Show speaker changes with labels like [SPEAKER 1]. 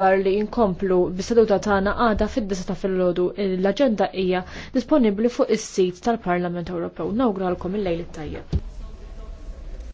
[SPEAKER 1] dwar li inkomplu bis-seduta tagħna għada fid-disa ta' filgħodu l-aġenda hija disponibbli fuq is-sit tal-Parlament Ewropew. Nawgralkom il-lejl it-tajjeb.